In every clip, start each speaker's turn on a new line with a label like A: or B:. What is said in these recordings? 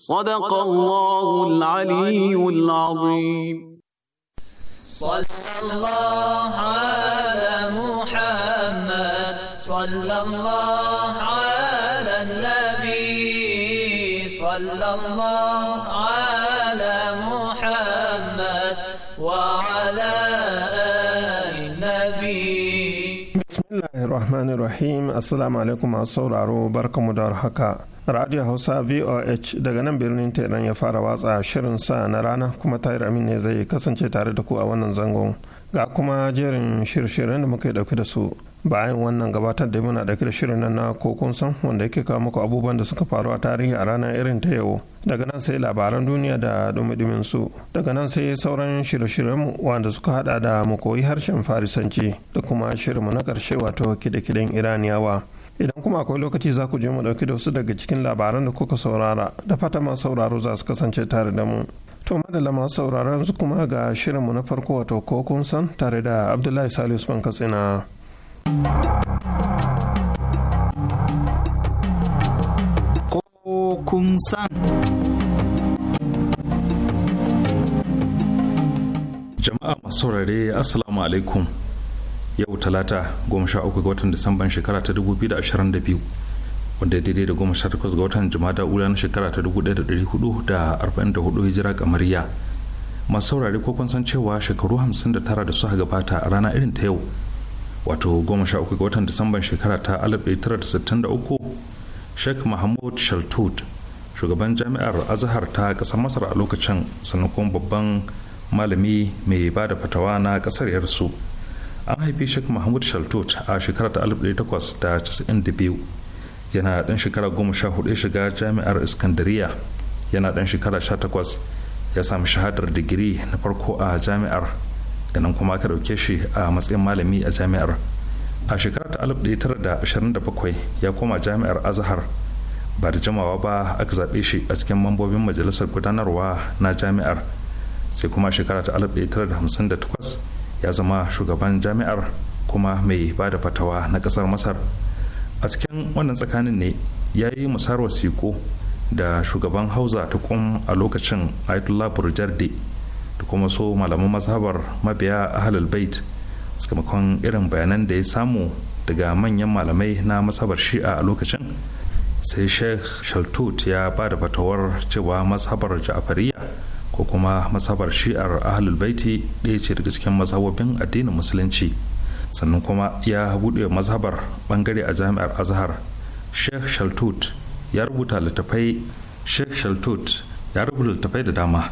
A: صدق الله العلي العظيم صلى الله على محمد صلى الله على النبي صلى الله على محمد وعلى آل النبي
B: بسم الله الرحمن الرحيم السلام عليكم ورحمة الله وبركاته radio hausa voh daga nan birnin teran ya fara watsa shirin sa na rana kuma tayar amin ne zai kasance tare da ku a wannan zangon ga kuma jerin shirye-shiryen da muka dauke da su bayan wannan gabatar da muna dauke da shirin nan na kokon san wanda yake kawo muku abubuwan da suka faru a tarihi a ranar irin ta yau daga nan sai labaran duniya da dumidumin su daga nan sai sauran shirye-shiryen wanda suka hada da mu koyi harshen farisanci da kuma shirin mu na karshe wato kide-kiden iraniyawa idan kuma akwai lokaci za ku je mu dauki da wasu daga cikin labaran da kuka saurara da fata masu sauraro za su kasance tare da mu to madalla masu sauraron su kuma ga shirinmu na farko wato ko kun san tare da abdullahi salisu ban katsina
C: ko kun san
D: jama'a masu saurare assalamu alaikum yau talata 13 ga watan disamban shekara ta 2022 wanda daidai da 18 ga watan jumada ula na shekara ta 1444 hijira kamariya masu saurare ko kun san cewa shekaru 59 da suka gabata a rana irin ta yau wato 13 ga watan disamban shekara ta 1963 sheikh mahmud shaltut shugaban jami'ar azahar ta kasar masar a lokacin sannan kuma babban malami mai ba da fatawa na kasar yarsu an haifi shek mahmud shaltot a shekarar ta 1892 yana dan shekara goma sha hudu shiga jami'ar iskandariya yana dan shekara sha takwas ya sami shahadar digiri na farko a jami'ar da nan kuma aka dauke shi a matsayin malami a jami'ar a shekarar ta 1927 ya koma jami'ar azahar ba da jimawa ba aka zaɓe shi a cikin mambobin majalisar gudanarwa na jami'ar sai kuma shekara ta 1958 ya zama shugaban jami'ar kuma mai ba da fatawa na kasar masar a cikin wannan tsakanin ne ya yi musar wasiƙo da shugaban hauza ta kum a lokacin ayatollah burjardi da kuma so malaman mazhabar mabiya ahlul bait sakamakon irin bayanan da ya samu daga manyan malamai na mazhabar shi'a a lokacin sai sheikh shaltut ya ba da fatawar cewa mazhabar ja'afariya. ko kuma masabar shi'ar ahlul baiti ɗaya ce daga cikin mazhabobin addinin musulunci sannan kuma ya buɗe mazhabar bangare a jami'ar azhar sheikh shaltut ya rubuta littafai sheikh shaltut ya rubuta littafai da dama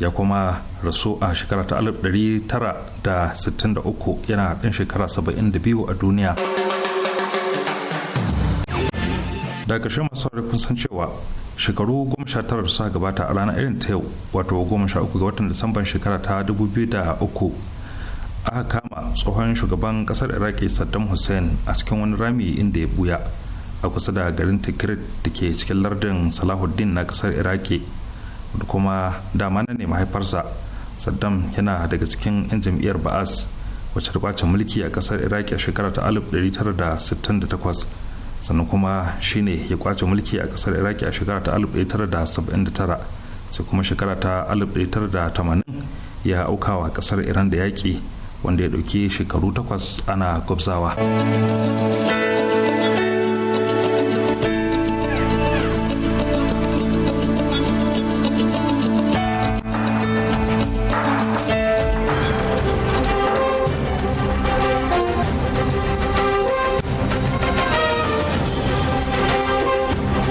D: ya kuma rasu a shekara ta 1963 yana ɗan shekara 72 a duniya daga ƙarshen masu kun san cewa shekaru goma sha tara suka gabata a ranar irin ta yau wato goma sha uku ga watan disamban shekara ta dubu biyu da uku aka kama tsohon shugaban kasar iraki saddam hussein a cikin wani rami inda ya buya a kusa da garin tikrit da ke cikin lardin salahuddin na kasar iraki da kuma dama na ne mahaifarsa saddam yana daga cikin 'yan jam'iyyar ba'as wacce ta mulki a kasar iraki a shekara ta 1968 sannan kuma shine ya kwace mulki a kasar iraki a shekara ta 1979 sai kuma shekara ta 1980 ya aukawa kasar iran da yaƙi wanda ya ɗauki shekaru takwas ana gwabzawa.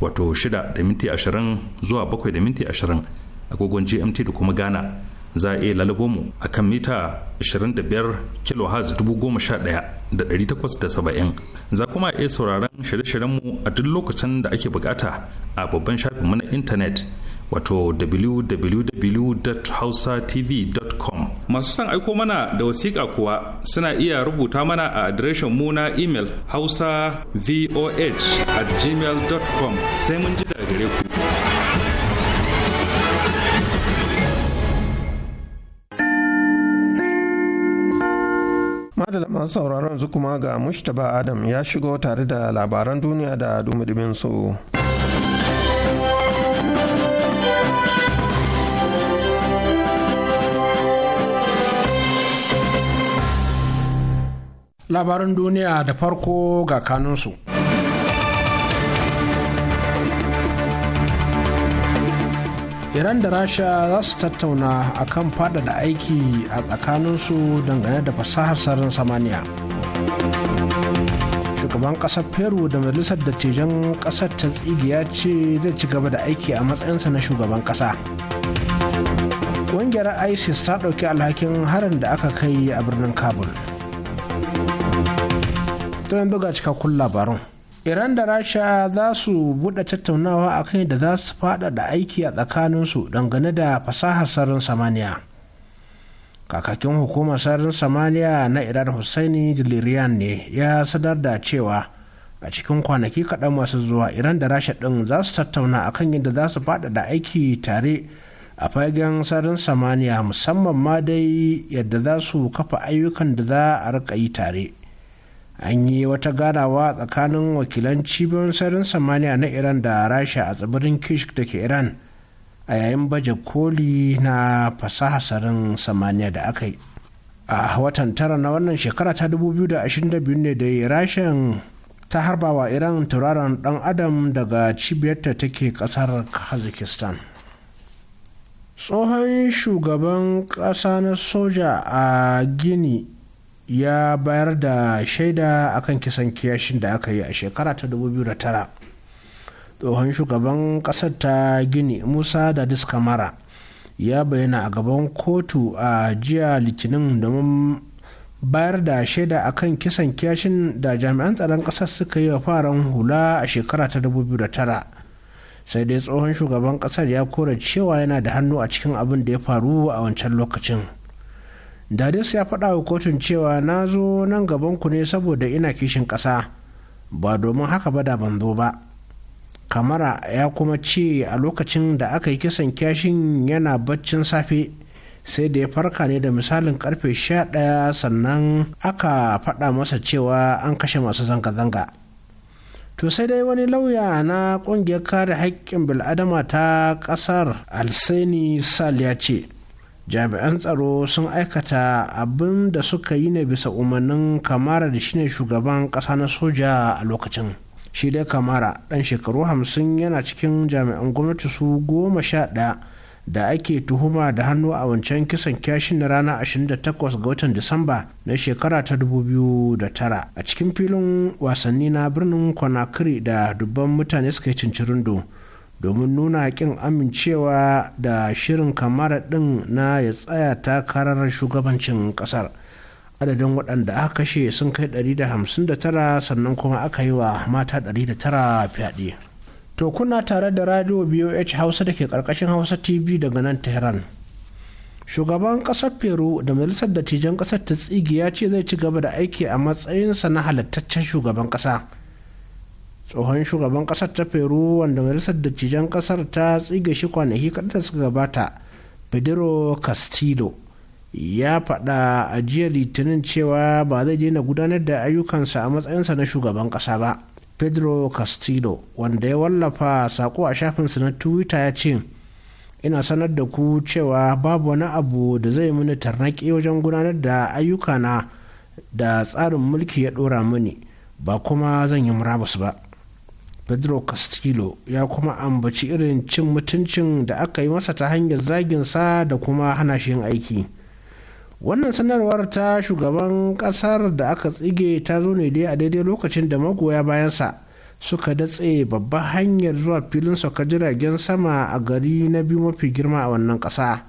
D: wato 6 da minti 20 zuwa 7 da minti 20 agogon gmt da kuma ghana za a iya lalubo mu a kan mita 25 kilohertz 11870 za kuma iya sauraron shirye-shiryen mu a duk lokacin da ake bukata a babban shafinmu na intanet wato www.hausatv.com masu son aiko mana da wasiƙa kuwa suna iya rubuta mana a adireshin mu na imel hausa voh at gmail.com sai mun ji da gare ku
B: madalla masu sauraron su kuma ga mushtaba adam ya shigo tare da labaran duniya da dumudumin su.
E: labaran duniya da farko ga kanunsu. iran da rasha za su tattauna akan da aiki a tsakaninsu dangane da fasahar sararin samaniya shugaban ƙasar peru da majalisar dattijan ƙasar ta tsigiya ce zai ci gaba da aiki a matsayinsa na shugaban ƙasa ƙungiyar isis ta ɗauki alhakin harin da aka kai a birnin kabul to yin buga cikakkun labarun iran da rasha za su buɗe tattaunawa a kan da za su fada da aiki a tsakaninsu dangane da fasahar sararin samaniya kakakin hukumar sararin samaniya na iran hussaini Jiliriyan ne ya sadar da cewa a cikin kwanaki kaɗan masu zuwa iran da rasha ɗin za su tattauna a kan yadda za su faɗaɗa aiki tare a fagen sararin samaniya musamman ma dai yadda za su kafa ayyukan da za a rika yi tare an yi wata ganawa tsakanin wakilan cibiyoyin sarin samaniya na iran da rasha a tsibirin kishk da ke iran a yayin baje koli na fasaha sarin samaniya da aka yi a watan tara na wannan shekara ta 2022 ne da rashin ta harba wa iran tauraron dan adam daga cibiyarta take kasar kazakhstan tsohon shugaban ƙasa na soja a gini ya bayar da shaida akan kisan kiyashin da aka yi a shekara ta 2009 tsohon shugaban kasar ta gini musa da diskamara ya bayyana a gaban kotu a jiya litinin domin bayar da shaida akan kisan kiyashin da jami'an tsaron kasar suka yi wa faran hula a shekara ta 2009 sai dai tsohon shugaban kasar ya kora cewa yana da hannu a cikin abin da ya faru a wancan lokacin. dadis ya faɗa wa kotun cewa na zo nan gaban ku ne saboda ina kishin ƙasa ba domin haka ba da ban zo ba kamara ya kuma ce a lokacin da aka yi kisan kyashin yana baccin safe sai da ya farka ne da misalin karfe 11 sannan aka faɗa masa cewa an kashe masu zanga-zanga to sai dai wani lauya na kungiyar kare haƙƙin bil'adama ta ƙasar alseni sal ya ce jami'an tsaro sun aikata abin da suka yi ne bisa umarnin kamara da shine shugaban ƙasa na soja a lokacin shi dai kamara ɗan shekaru hamsin yana cikin jami'an gwamnati su goma sha ɗaya da ake tuhuma da hannu a wancan kisan kyashin na rana 28 ga watan disamba na shekara ta 2009 a cikin filin wasanni na birnin conakry da dubban mutane suka yi cincirindo domin nuna ƙin amincewa da shirin kamara ɗin na ya tsaya takarar shugabancin ƙasar adadin waɗanda aka kashe sun kai 159 sannan kuma aka yi wa mata 109 fyaɗe to kuna tare da radio boh hausa da ke ƙarƙashin hausa tv daga nan tehran shugaban ƙasar peru da majalisar dattijan ƙasar ta tsigi ya ce zai ci gaba da aiki a matsayinsa na halittaccen shugaban ƙasa tsohon shugaban kasar ta peru wanda majalisar dattijan kasar ta tsiga shi kwanaki da suka gabata pedro castillo ya faɗa a jiya litinin cewa ba zai daina gudanar da ayyukansa a matsayinsa na shugaban ƙasa ba pedro castillo wanda ya wallafa sako a shafinsa na twitter ya ce ina sanar da ku cewa babu wani abu da zai mini tarnaƙi wajen gudanar da ayyukana da tsarin mulki ya ɗora mini ba kuma zan yi murabus ba pedro castillo ya kuma ambaci irin cin mutuncin da aka yi masa ta hanyar zaginsa da kuma hana shi yin aiki wannan sanarwar ta shugaban kasar da aka tsige ta zo ne dai a daidai lokacin da magoya bayansa suka datse babban hanyar zuwa filin sauka jiragen sama a gari na biyu mafi girma a wannan kasa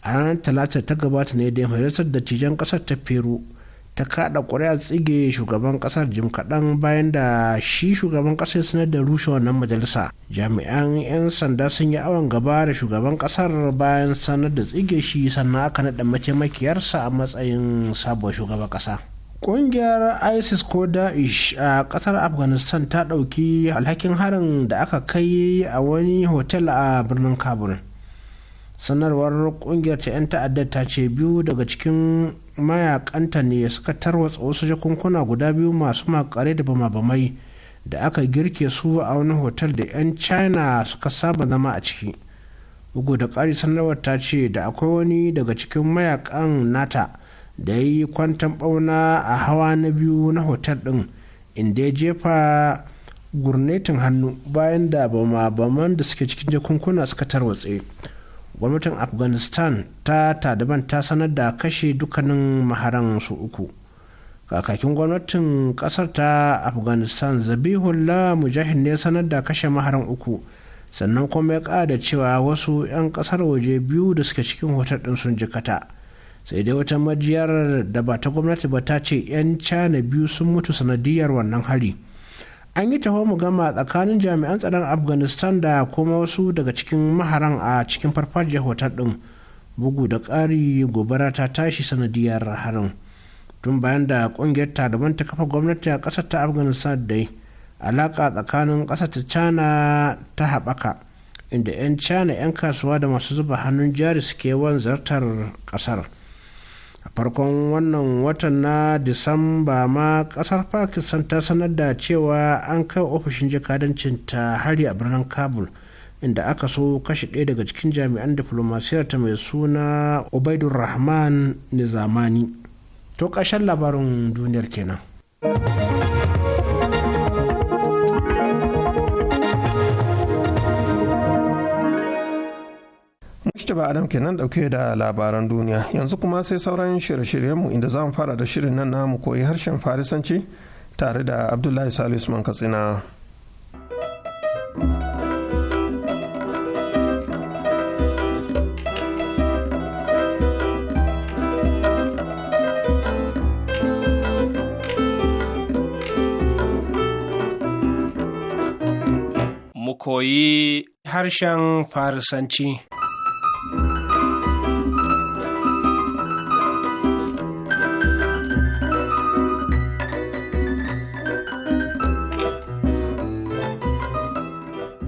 E: a ranar talata ta gabata ne da majalisar dattijan kasar ta peru ta kada ƙuri'a tsige shugaban ƙasar jim kaɗan bayan da shi shugaban ƙasar sanar da rushe wannan majalisa jami'an 'yan sanda sun yi awon gaba da shugaban ƙasar bayan sanar da tsige shi sannan aka naɗa mataimakiyarsa a matsayin sabuwar shugaban ƙasa ƙungiyar isis ko daesh a ƙasar afghanistan ta ɗauki alhakin harin da aka kai a wani hotel a birnin kabul sanarwar kungiyar ta 'yan ta'adda ta ce biyu daga cikin mayakanta ne suka tarwatsa wasu jakunkuna guda biyu masu makare da bamabamai da aka girke su a wani hotel da 'yan china suka saba zama a ciki bugu da ƙari sanarwar ta ce da akwai wani daga cikin mayakan nata da ya yi kwantan bauna a hawa na biyu na hotel ɗin inda ya jefa gurnetin hannu bayan da bama-baman da suke cikin jakunkuna suka tarwatse gwamnatin afghanistan ta taliban ta sanar da kashe dukkanin maharan su uku kakakin gwamnatin kasar ta afghanistan zabihullah mujahid ne sanar da kashe maharan uku sannan kuma ya kada cewa wasu 'yan kasar waje biyu da suke cikin hotar din sun jikata sai dai wata majiyar da ba ta gwamnati ba ta ce 'yan cana biyu sun mutu sanadiyar wannan hari an yi taho mu gama tsakanin jami'an tsaron afghanistan da kuma wasu daga cikin maharan a cikin farfajiyar hotar ɗin bugu da ƙari gobara ta tashi sanadiyar harin tun bayan da ƙungiyar taliban ta kafa gwamnati a ƙasar ta afghanistan dai alaka tsakanin ƙasar ta china ta haɓaka inda 'yan china 'yan kasuwa da masu zuba hannun jari suke wanzartar ƙasar. a farkon wannan watan na disamba ma kasar pakistan ta sanar da cewa an kai ofishin jakadancin ta hari a birnin kabul inda aka so kashe ɗaya daga cikin jami'an diflomasiyar ta mai suna ubaidul rahman nizamani to kashen labarin duniyar kenan.
B: Mustapha Adam kenan dauke da labaran duniya yanzu kuma sai sauran shirye-shiryenmu inda za mu fara da shirin nan namu koyi harshen Farisanci tare da Abdullahi Salisu Usman Katsina.
D: koyi
E: harshen Farisanci.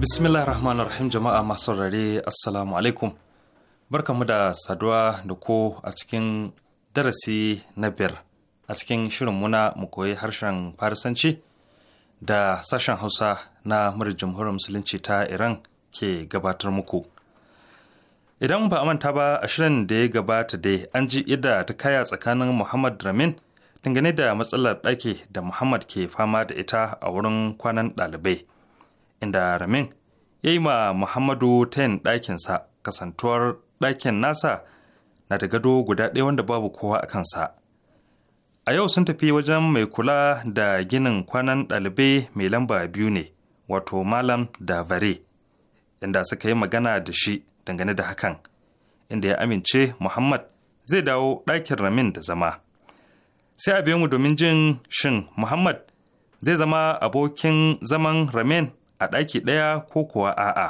D: bismillah rahman rahim jama'a masu rare assalamu alaikum barkamu da saduwa da ko a cikin darasi na biyar a cikin shirin muna mu koyi harshen farisanci da sashen hausa na murar jamhuriyar musulunci ta iran ke gabatar muku idan ba a manta ba a shirin da ya gabata dai an ji yadda ta kaya tsakanin muhammad ramin dangane da matsalar ɗaki da muhammad ke fama da ita a wurin kwanan ɗalibai inda ramin ya yi ma Muhammadu ten ɗakinsa kasantuwar ɗakin nasa na da gado guda ɗaya wanda babu kowa a kansa. A yau sun tafi wajen mai kula da ginin kwanan ɗalibai mai lamba biyu ne, wato Malam Davare, inda suka yi magana da shi dangane da hakan, inda ya amince Muhammad zai dawo ɗakin Ramin da zama. Sai a mu domin jin shin Muhammad zai zama abokin zaman Ramin a ɗaki ɗaya ko kuwa a'a.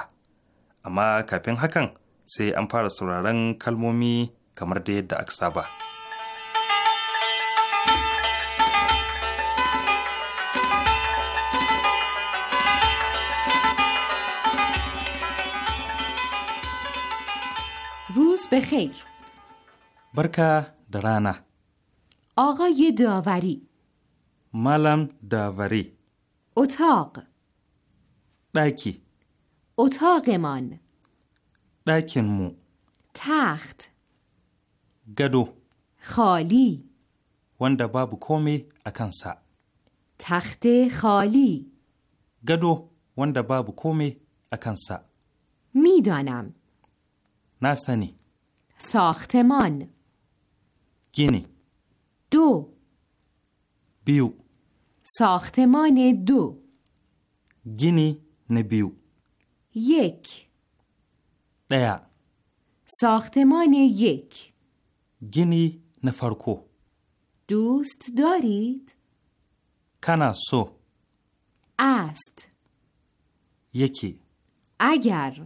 D: Amma kafin hakan sai an fara sauraron kalmomi kamar da yadda aka saba.
F: روز بخیر
D: rana درانه
F: آقای داوری
D: ملم داوری
F: اتاق بکی اتاقمان
D: دکن مو
F: تخت گدو خالی
D: وند باب کومی اکنسا
F: تخت خالی
D: گدو وند باب کومی اکنسا
F: میدانم نسنی ساختمان گینی دو بیو ساختمان دو
D: گینی نبیو
F: یک دیا ساختمان یک
D: گینی نفرکو
F: دوست دارید؟
D: کنا سو
F: است یکی اگر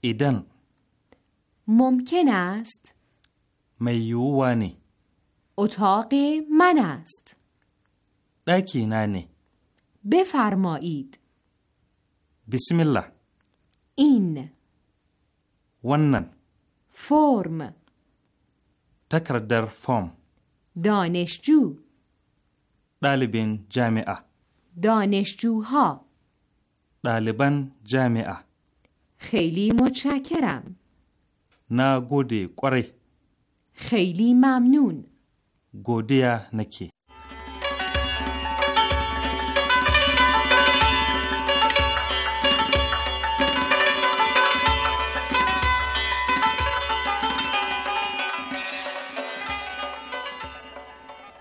F: ایدن ممکن است
D: میوانی
F: اتاق من است
D: دکی
F: بفرمایید Bismillah. In. Wannan. Form.
D: Takardar form.
F: Danishju.
D: Ɗalibin jami'a.
F: Danishju ha.
D: Ɗaliban jami'a.
F: خیلی متشکرم.
D: نه گودی قره.
F: خیلی ممنون.
D: گودیا نکی.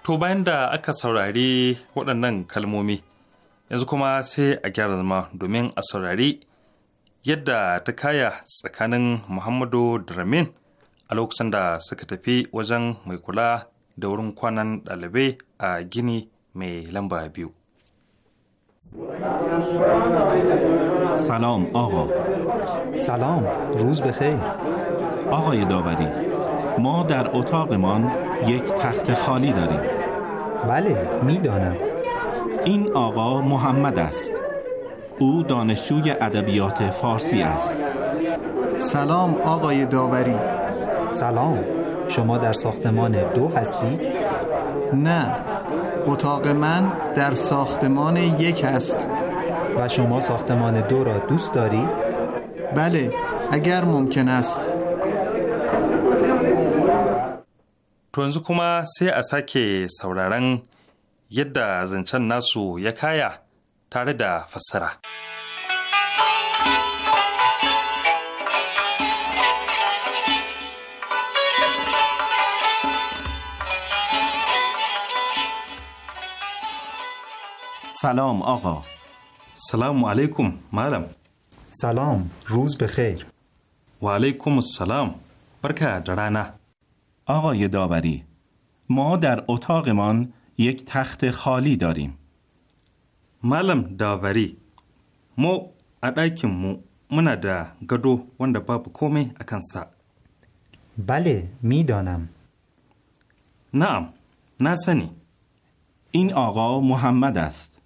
D: To bayan da aka saurari waɗannan kalmomi, yanzu kuma sai a gyara zama domin a saurari yadda ta kaya tsakanin Muhammadu da Ramin a lokacin da suka tafi wajen mai kula da wurin kwanan ɗalibai a gini mai lamba biyu.
G: سلام آقا سلام روز بخیر آقای داوری ما در اتاقمان یک تخت خالی داریم بله میدانم این آقا محمد است او دانشجوی ادبیات فارسی است سلام آقای داوری
C: سلام شما در ساختمان دو هستی؟ نه اتاق من در ساختمان یک هست و شما ساختمان دو را دوست دارید؟ بله اگر ممکن است
D: To yanzu kuma sai a sake sauraron yadda zancen nasu ya kaya tare da fassara. سلام آقا سلام علیکم معلم سلام روز بخیر و علیکم السلام برکه
G: درانه آقای داوری ما در اتاقمان یک
D: تخت خالی داریم ملم داوری ما ادایکیم مو من دا گدو وندا باب کومی اکنسا بله میدانم نعم نسنی
G: این آقا محمد است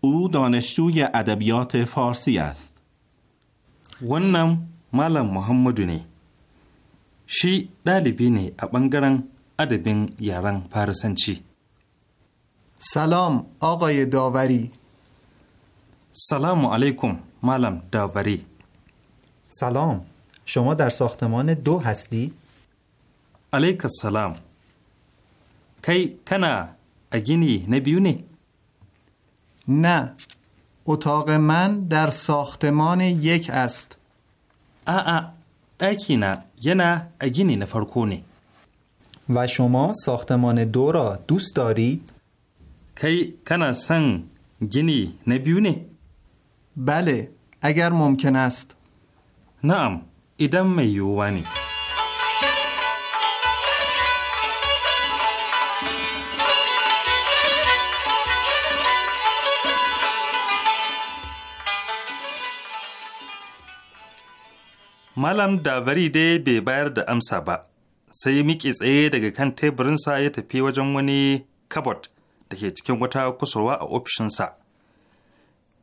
G: او دانشجوی ادبیات فارسی
D: است ونم معلم محمدونی. شی دلیبی ا ابنگرن ادبین یارن پارسنچی سلام آقای داوری سلام علیکم معلم داوری سلام شما در ساختمان دو هستی؟ علیک السلام کی کنا اگینی نبیونی؟ نه اتاق من در ساختمان یک است آ اکی نه یه نه اگینی نفرکونی؟ و شما ساختمان دو را دوست دارید؟ کی کنا سن گینی نبیونه؟ بله اگر ممکن است نعم ایدم میوانی malam dabari dai bai bayar da amsa ba sai miƙe tsaye daga kan teburinsa ya tafi wajen wani kabot da ke cikin wata kusurwa a ofishinsa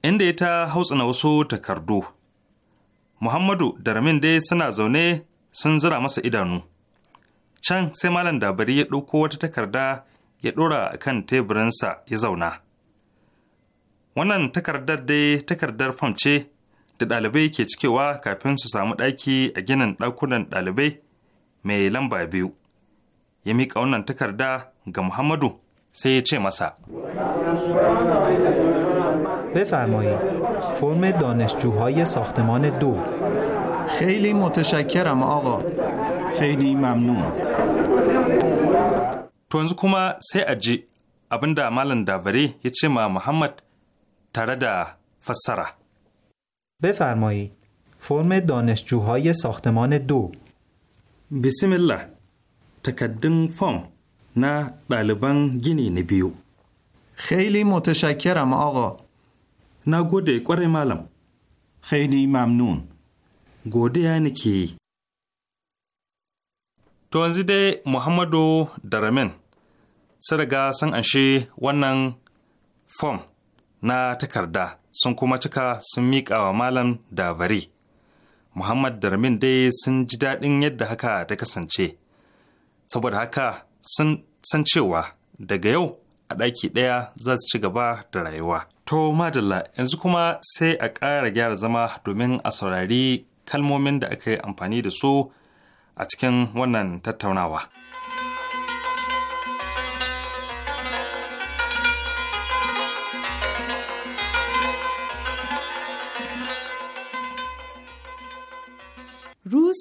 D: inda ya ta hautsina wasu takardu muhammadu da ramin dai suna zaune sun zira masa idanu can sai malam dabari ya ɗauko wata takarda ya ɗora a kan teburinsa ya zauna wannan takardar dai takardar fam ce da ɗalibai ke cikewa kafin su samu ɗaki a ginin ɗakunan ɗalibai mai lamba biyu ya miƙa wannan takarda ga muhammadu sai ya ce masa
C: بفرمایید فرم دانشجوهای ساختمان دو خیلی متشکرم آقا
G: خیلی ممنون
D: تو yanzu kuma sai a ji دا malam davare ya ce ma Muhammad tare da fassara
C: بفرمایید فرم دانشجوهای ساختمان دو
D: بسم الله تکدن فام، نه دالبان گینی نبیو خیلی متشکرم آقا نه گوده قره مالم خیلی ممنون گوده یعنی کی محمد انزی dai محمدو سرگا سنگ انشی ونن na takarda sun kuma cika sun miƙa wa malam da bari. Muhammad da Ramin dai sun ji daɗin yadda haka ta kasance. Saboda haka sun san cewa daga yau a ɗaki ɗaya za su ci gaba da rayuwa. To madalla yanzu kuma sai a ƙara gyara zama domin a saurari kalmomin da aka yi amfani da su a cikin wannan tattaunawa.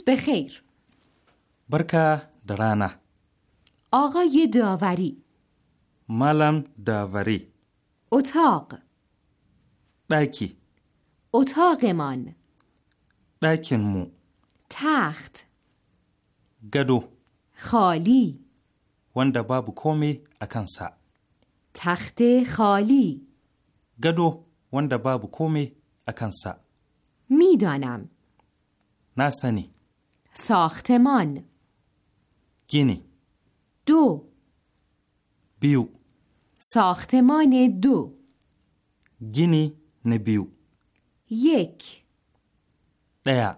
D: به برکه برکا درانا
F: آقای داوری
D: مالم داوری
F: اتاق باکی اتاق من
D: باکن مو
F: تخت گدو خالی
D: وند باب کومی اکنسا
F: تخت خالی
D: گدو وند باب کومی اکنسا
F: میدانم ناسنی ساختمان گینی دو بیو ساختمان دو
D: گینی نبیو یک دیا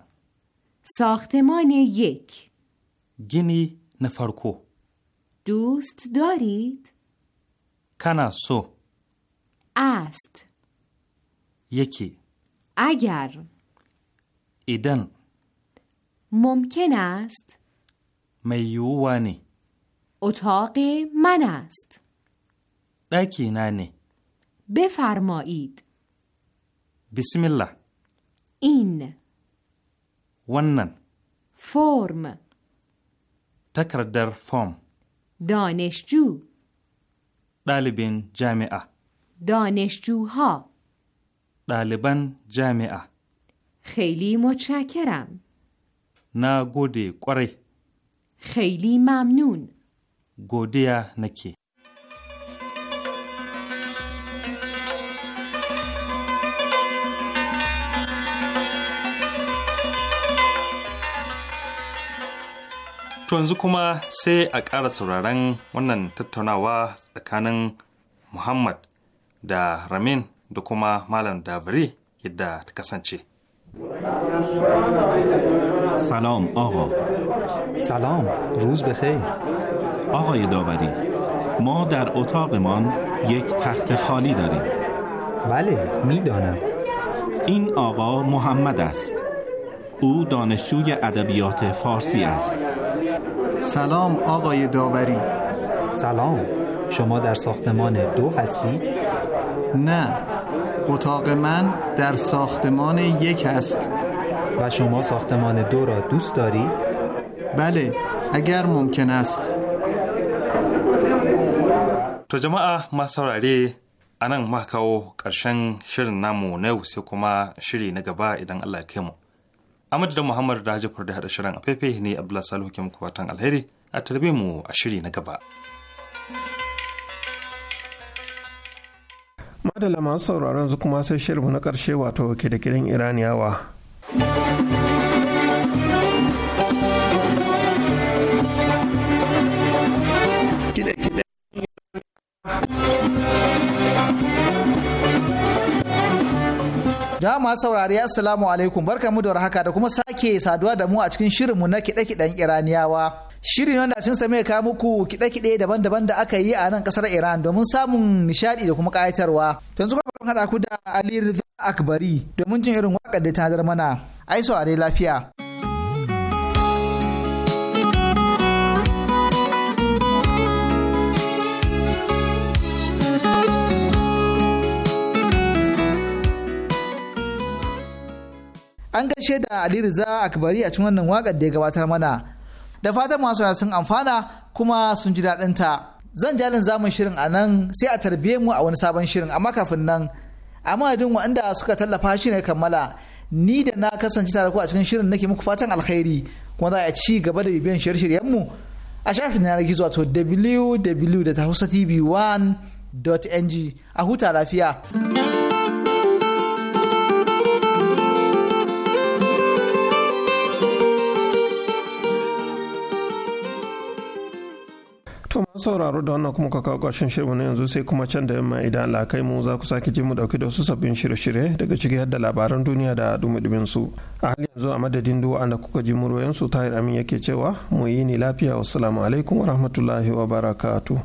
F: ساختمان یک
D: گینی نفرکو
F: دوست دارید؟
D: کنا سو
F: است یکی اگر ایدن ممکن است
D: میوانی
F: اتاق من است
D: دکی
F: بفرمایید
D: بسم الله این ونن
F: فرم
D: تکردر فرم
F: دانشجو
D: دالبین جامعه
F: دانشجوها
D: دالبان جامعه
F: خیلی متشکرم
D: na gode kwarai.
F: Khaili mamnun.
D: godiya nake. To yanzu kuma sai a ƙara sauraron wannan tattaunawa tsakanin Muhammad da Ramin da kuma Malam Dabiri yadda ta kasance.
G: سلام آقا سلام روز بخیر آقای داوری ما در اتاقمان یک تخت خالی داریم بله میدانم این آقا محمد است او دانشجوی ادبیات فارسی است
C: سلام آقای داوری سلام شما در ساختمان دو هستید؟ نه اتاق من در ساختمان یک هست و شما ساختمان دو را دوست دارید؟ بله اگر ممکن است
D: تو جماعه ما saurare a nan kawo ƙarshen shirin namu na yau sai kuma shiri na gaba idan Allah ya mu. Amadu da Muhammad da Hajjafar da hada shirin a fefe ne Abdullahi Salihu ke muku fatan alheri a tarbe mu a shiri na gaba.
B: Madalla masu sauraron su kuma sai shirinmu na ƙarshe wato kidikirin Iraniyawa
C: Da masu saurari assalamu alaikum barkamu da warhaka da kuma sake saduwa da mu a cikin shirinmu na kiɗe-kiɗen Iraniyawa. shirin wanda sun same ka muku kide-kide daban-daban da aka yi a nan kasar Iran domin samun nishadi da kuma kayatarwa. Yanzu kuma bari haɗa ku da Ali Rizal Akbari domin jin irin waƙar da ta mana. Ai are lafiya. An gaishe da Ali Rizal Akbari a cikin wannan waƙar da ya gabatar mana da fatan masu sun amfana kuma sun ji daɗinta. zan jalin zamun shirin a nan sai a tarbiye mu a wani sabon shirin amma kafin nan a madadin waɗanda suka tallafa shi ne kammala ni da na kasance tare ku a cikin shirin nake muku fatan alkhairi kuma za a ci gaba da bibiyan shirye-shiryen mu a shafin na yanar gizo to www.hausatv1.ng a huta lafiya.
B: To masu sauraro da wannan kuma kawo ƙarshen shirin na yanzu sai kuma can da yamma idan alakai mu za ku sake ji mu dauki da wasu sabbin shirye-shirye daga ciki yadda labaran duniya da dumudumin su. A halin yanzu a madadin duwa wanda kuka ji muryoyin su tahir amin yake cewa mu yi ni lafiya wasu alaikum wa rahmatullahi wa barakatu.